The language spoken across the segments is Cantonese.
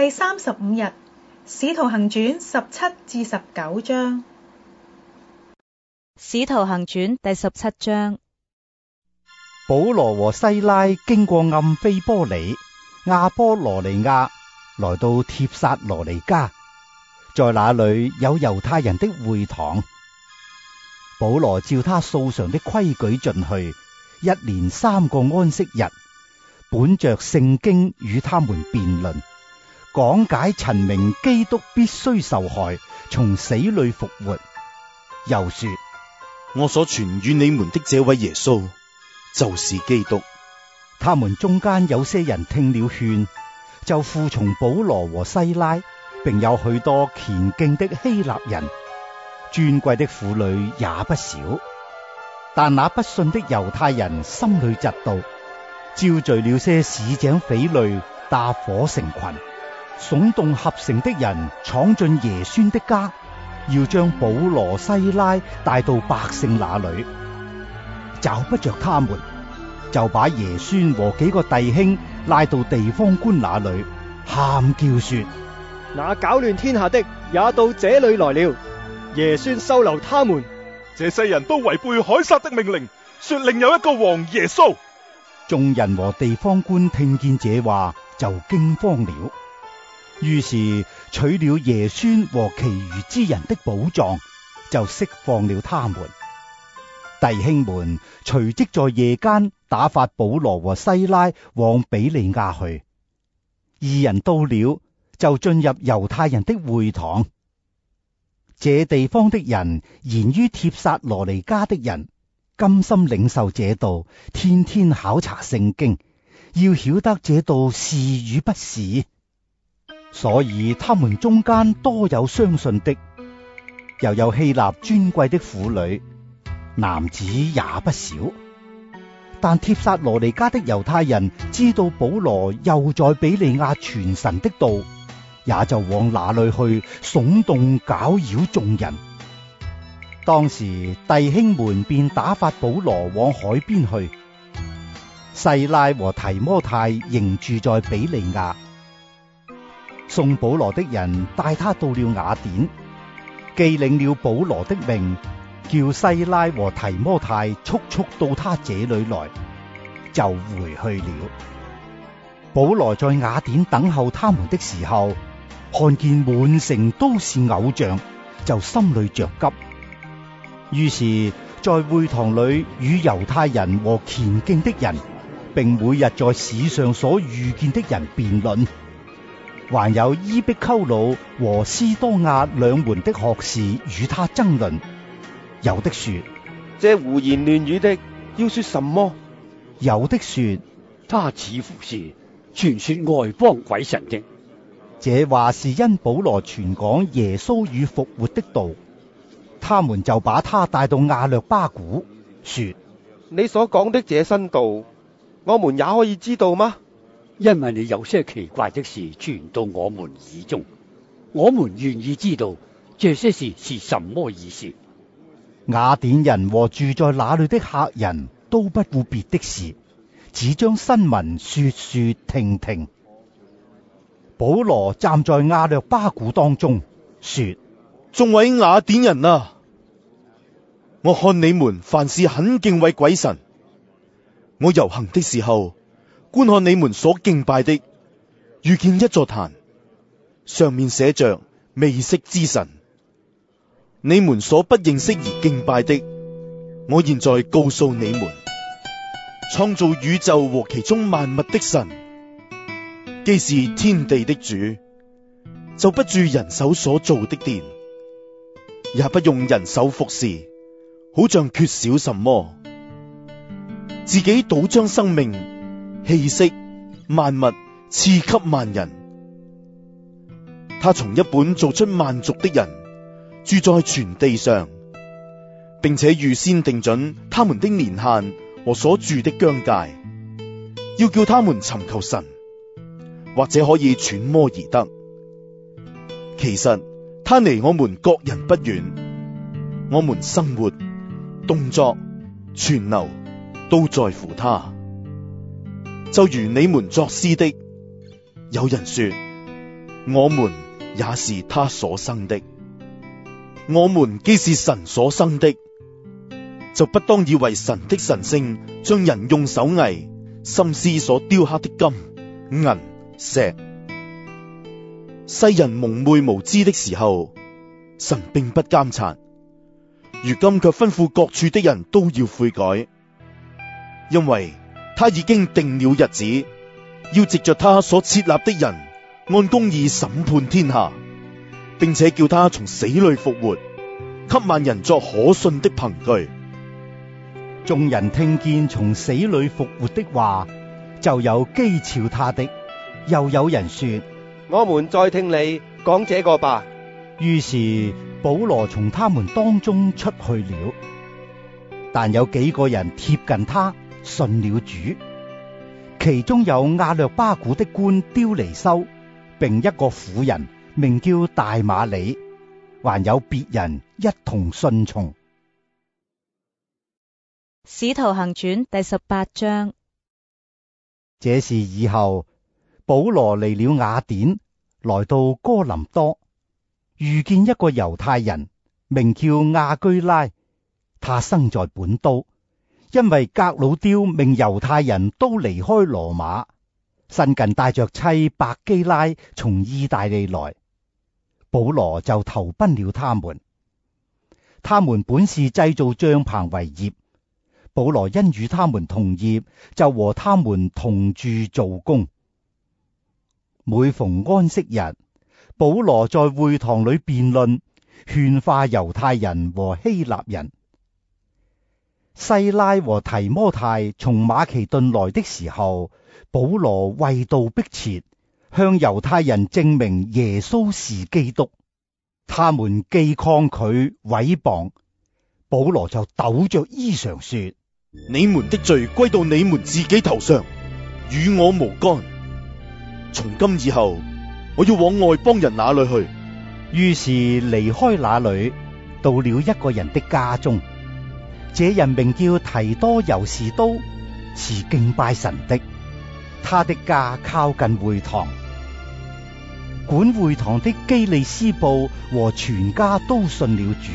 第三十五日，《使徒行傳》十七至十九章，《使徒行傳》第十七章。保羅和西拉經過暗非波里、亞波羅尼亞，來到帖撒羅尼加，在那裏有猶太人的會堂。保羅照他素常的規矩進去，一連三個安息日，本着聖經與他們辯論。講解陳明基督必須受害，從死裏復活。又說：我所傳與你們的這位耶穌，就是基督。他們中間有些人聽了勸，就附從保羅和西拉，並有許多虔敬的希臘人，尊貴的婦女也不少。但那不信的猶太人心裏嫉妒，招聚了些市井匪類，打火成群。聳動合城的人闖進耶孫的家，要將保羅西拉帶到百姓那裏，找不着他們，就把耶孫和幾個弟兄拉到地方官那裏，喊叫說：那攪亂天下的也到這裏來了，耶孫收留他們。這些人都違背該撒的命令，說另有一個王耶穌。眾人和地方官聽見這話，就驚慌了。於是取了耶孫和其餘之人的寶藏，就釋放了他們。弟兄們隨即在夜間打發保羅和西拉往比利亞去。二人到了，就進入猶太人的會堂。這地方的人言於帖撒羅尼迦的人，甘心領受這道，天天考察聖經，要曉得這道是與不是。所以他們中間多有相信的，又有希臘尊貴的婦女，男子也不少。但帖撒羅尼迦的猶太人知道保羅又在比利亞傳神的道，也就往那裏去聳動攪擾眾人。當時弟兄們便打發保羅往海邊去。細拉和提摩太仍住在比利亞。送保羅的人帶他到了雅典，既領了保羅的命，叫西拉和提摩太速速到他這裏來，就回去了。保羅在雅典等候他們的時候，看見滿城都是偶像，就心裏着急，於是在會堂裏與猶太人和虔敬的人，並每日在市上所遇見的人辯論。還有伊壁鳩魯和斯多亞兩門的學士與他爭論，有的說：這胡言亂語的要說什麼？有的說：他似乎是傳說外邦鬼神的。這話是因保羅傳講耶穌與復活的道，他們就把他帶到亞略巴古，說：你所講的這新道，我們也可以知道嗎？因為你有些奇怪的事傳到我們耳中，我們願意知道這些事是什麼意思。雅典人和住在那裡的客人都不顧別的事，只將新聞說說停停。保羅站在亞略巴古當中，說：眾位雅典人啊，我看你們凡事很敬畏鬼神，我遊行的時候。觀看你們所敬拜的，遇見一座壇，上面寫着未識之神。你們所不認識而敬拜的，我現在告訴你們：創造宇宙和其中萬物的神，既是天地的主，就不住人手所造的殿，也不用人手服侍，好像缺少什麼，自己倒將生命。氣息萬物賜給萬人，他從一本造出萬族的人，住在全地上，並且預先定準他們的年限和所住的疆界，要叫他們尋求神，或者可以揣摩而得。其實他離我們各人不遠，我們生活、動作、存留都在乎他。就如你們作詩的，有人說我們也是他所生的，我們既是神所生的，就不當以為神的神性將人用手藝心思所雕刻的金銀石，世人蒙昧無知的時候，神並不監察，如今卻吩咐各處的人都要悔改，因為。他已經定了日子，要藉着他所設立的人，按公義審判天下，並且叫他從死裏復活，給萬人作可信的憑據。眾人聽見從死裏復活的話，就有譏嘲他的，又有人說：我們再聽你講這個吧。於是保羅從他們當中出去了，但有幾個人貼近他。信了主，其中有亞略巴古的官丟尼修，並一個婦人名叫大馬里，還有別人一同信從。《使徒行傳》第十八章。這事以後保羅離了雅典，來到哥林多，遇見一個猶太人名叫亞居拉，他生在本都。因為革老丟命猶太人都離開羅馬，新近帶着妻百基拉從意大利來，保羅就投奔了他們。他們本是製造帳篷為業，保羅因與他們同業，就和他們同住做工。每逢安息日，保羅在會堂裏辯論，勸化猶太人和希臘人。西拉和提摩太從馬其頓來的時候，保羅為道迫切，向猶太人證明耶穌是基督。他們既抗拒、毀謗，保羅就抖着衣裳說：你們的罪歸到你們自己頭上，與我無干。從今以後，我要往外邦人那裏去。於是離開那裏，到了一個人的家中。這人名叫提多猶士都，是敬拜神的。他的家靠近會堂，管會堂的基利斯布和全家都信了主，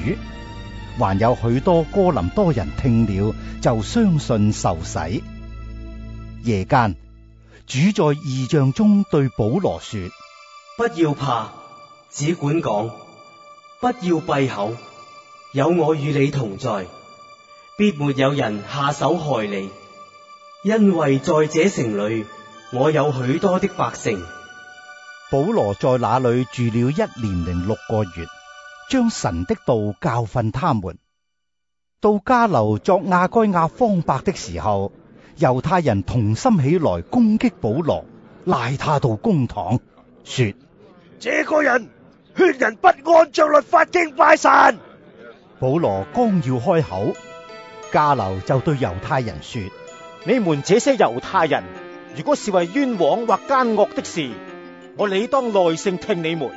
還有許多哥林多人聽了就相信受洗。夜間，主在異象中對保羅說：不要怕，只管講，不要閉口，有我與你同在。必沒有人下手害你，因為在這城裏我有許多的百姓。保羅在那裏住了一年零六個月，將神的道教訓他們。到迦流作亞該亞方伯的時候，猶太人同心起來攻擊保羅，拉他到公堂，說：這個人勸人不按着律法敬拜神。保羅剛要開口。迦流就對猶太人說：你們這些猶太人，如果是為冤枉或奸惡的事，我理當耐性聽你們；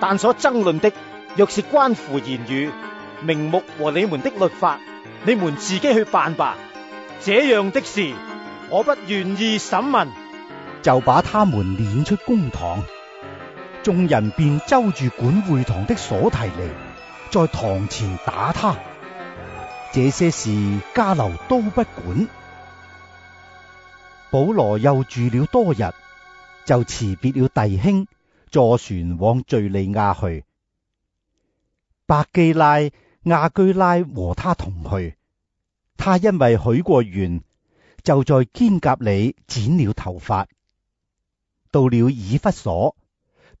但所爭論的，若是關乎言語、名目和你們的律法，你們自己去辦吧。這樣的事，我不願意審問，就把他們攆出公堂。眾人便揪住管會堂的所提尼，在堂前打他。這些事，迦流都不管。保羅又住了多日，就辭別了弟兄，坐船往敘利亞去。百基拉、亞居拉和他同去。他因為許過願，就在肩甲裏剪了頭髮。到了以弗所，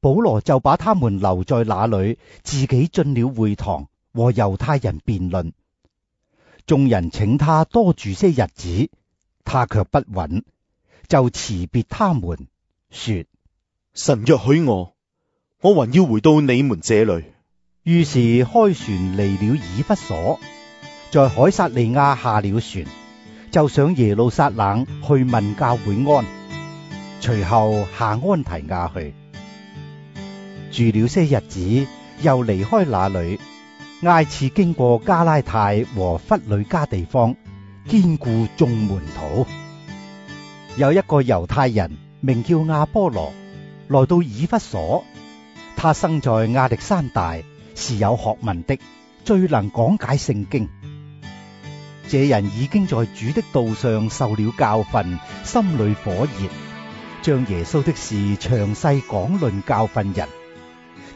保羅就把他們留在那裏，自己進了會堂和猶太人辯論。眾人請他多住些日子，他卻不允，就辭別他們，說：神若許我，我還要回到你們這裏。於是開船離了以弗所，在凱撒利亞下了船，就上耶路撒冷去問教會安，隨後下安提亞去，住了些日子，又離開那裏。挨次經過加拉太和弗呂家地方，堅固眾門徒。有一個猶太人名叫亞波羅，來到以弗所。他生在亞歷山大，是有學問的，最能講解聖經。這人已經在主的道上受了教訓，心裏火熱，將耶穌的事詳細講論，教訓人。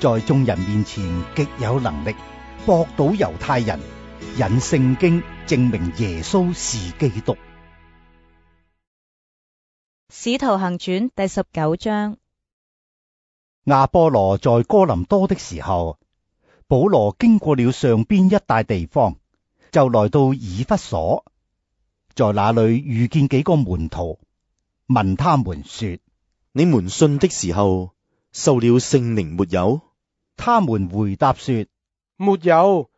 在眾人面前極有能力駁倒猶太人，引聖經證明耶穌是基督。使徒行傳第十九章。亞波羅在哥林多的時候，保羅經過了上邊一帶地方，就來到以弗所，在那裏遇見幾個門徒，問他們說：你們信的時候受了聖靈沒有？他們回答說：沒有，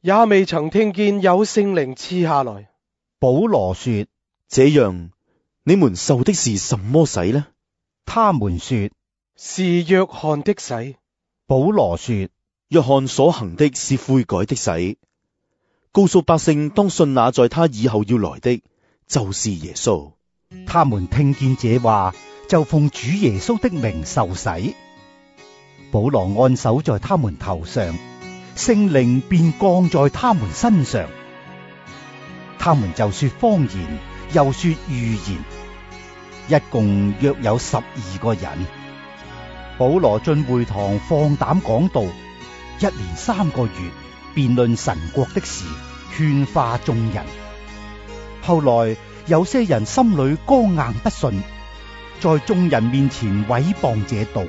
也未曾聽見有聖靈賜下來。保羅說：這樣你們受的是什麼洗呢？他們說：是約翰的洗。保羅說：約翰所行的是悔改的洗，告訴百姓當信那在他以後要來的就是耶穌。他們聽見這話，就奉主耶穌的名受洗。保羅按手在他們頭上，聖靈便降在他們身上。他們就說方言，又說預言，一共約有十二個人。保羅進會堂放膽講道，一連三個月辯論神國的事，勸化眾人。後來有些人心裏剛硬不順，在眾人面前毀謗這道。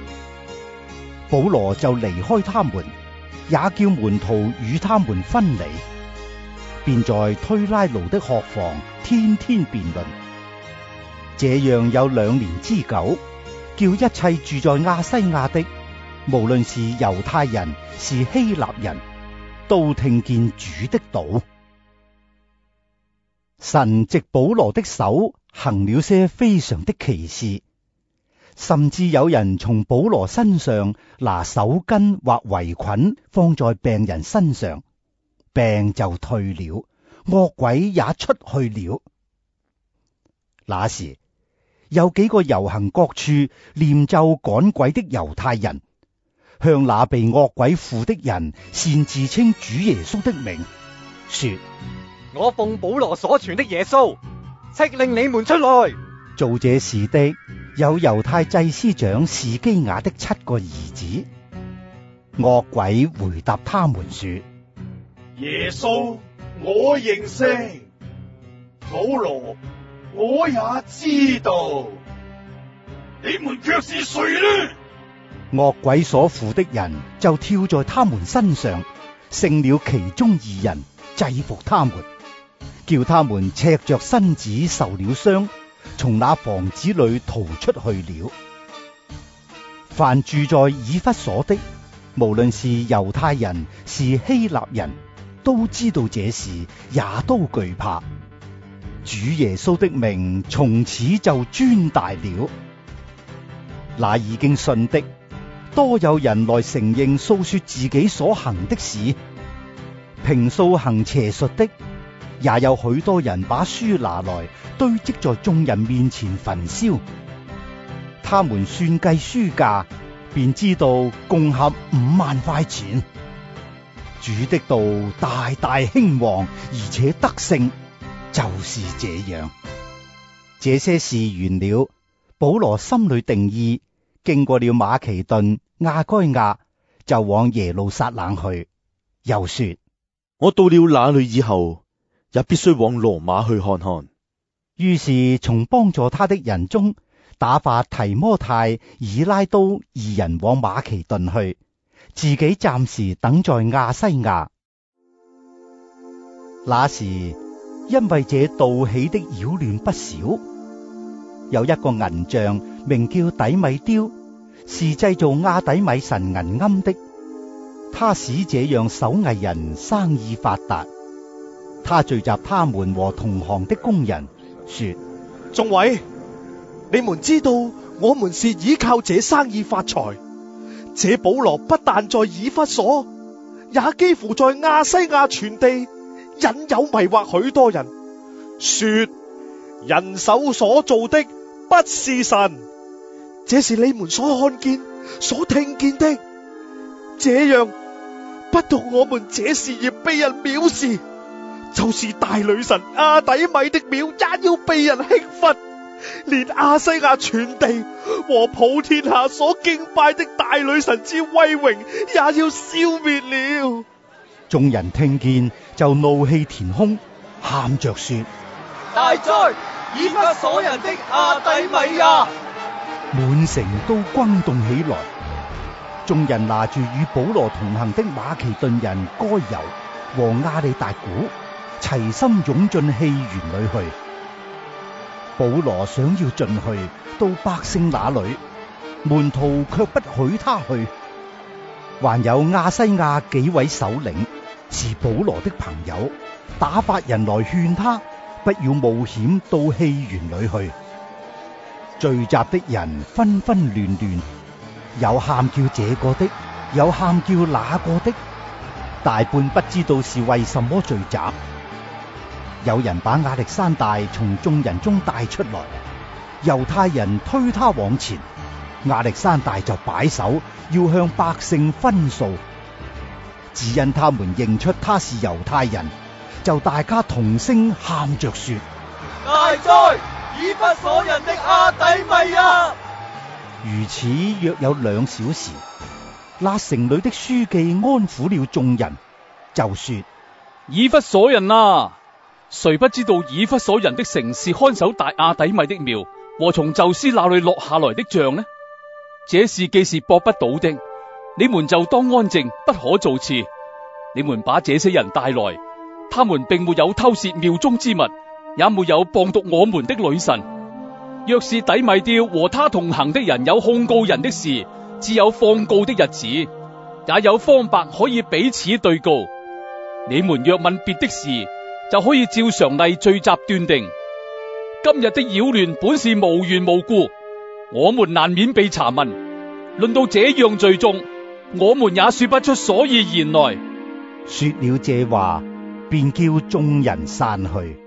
保羅就離開他們，也叫門徒與他們分離，便在推拉奴的學房天天辯論。這樣有兩年之久，叫一切住在亞西亞的，無論是猶太人是希臘人，都聽見主的道。神藉保羅的手行了些非常的奇事。甚至有人從保羅身上拿手巾或圍裙放在病人身上，病就退了，惡鬼也出去了。那時有幾個遊行各處念咒趕鬼的猶太人，向那被惡鬼附的人，擅自稱主耶穌的名，說：我奉保羅所傳的耶穌，敕令你們出來做這事的。有猶太祭司長士基雅的七個兒子，惡鬼回答他們說：耶穌，我認識，保羅，我也知道，你們卻是誰呢？惡鬼所附的人就跳在他們身上，勝了其中二人，制服他們，叫他們赤着身子受了傷。從那房子裏逃出去了。凡住在以弗所的，無論是猶太人，是希臘人，都知道這事，也都懼怕。主耶穌的名從此就尊大了。那已經信的，多有人來承認訴說自己所行的事，平素行邪術的。也有許多人把書拿來堆積在眾人面前焚燒，他們算計書價，便知道共合五萬塊錢。主的道大大興旺，而且得勝，就是這樣。這些事完了，保羅心裏定意，經過了馬其頓、亞該亞，就往耶路撒冷去。又說我到了那裏以後。也必須往羅馬去看看。於是從幫助他的人中打發提摩太、以拉都二人往馬其頓去，自己暫時等在亞細亞。那時因為這道起的擾亂不少，有一個銀匠名叫底米丟，是製造亞底米神銀盎的，他使這樣手藝人生意發達。他聚集他們和同行的工人，說：眾位，你們知道我們是倚靠這生意發財。這保羅不但在以弗所，也幾乎在亞西亞全地引誘迷惑許多人，說人手所做的不是神，這是你們所看見、所聽見的。這樣，不獨我們這事業被人藐視。就是大女神阿底米的廟也要被人輕忽，連亞細亞全地和普天下所敬拜的大女神之威榮也要消滅了。眾人聽見就怒氣填胸，喊着說：大哉以弗所人的阿底米呀、啊！滿城都轟動起來。眾人拿住與保羅同行的馬其頓人該猶和阿里達古。齊心湧進戲園裏去。保羅想要進去到百姓那裏，門徒却不許他去。還有亞西亞幾位首領是保羅的朋友，打發人來勸他不要冒險到戲園裏去。聚集的人紛紛亂亂，有喊叫這個的，有喊叫那個的，大半不知道是為什麼聚集。有人把亞力山大從眾人中帶出來，猶太人推他往前，亞力山大就擺手要向百姓分訴，只因他們認出他是猶太人，就大家同聲喊着說：大哉以弗所人的亞底米啊！如此約有兩小時，那城裏的書記安撫了眾人，就說：以弗所人啊！誰不知道以弗所人的城市看守大亞底米的廟和從宙斯那裏落下來的像呢？這事既是駁不倒的，你們就當安靜，不可造次。你們把這些人帶來，他們並沒有偷竊廟中之物，也沒有謗讟我們的女神。若是底米丟和他同行的人有控告人的事，自有放告的日子；也有方伯可以彼此對告。你們若問別的事，就可以照常例聚集斷定，今日的擾亂本是無緣無故，我們難免被查問。論到這樣聚眾，我們也說不出所以然來。說了這話，便叫眾人散去。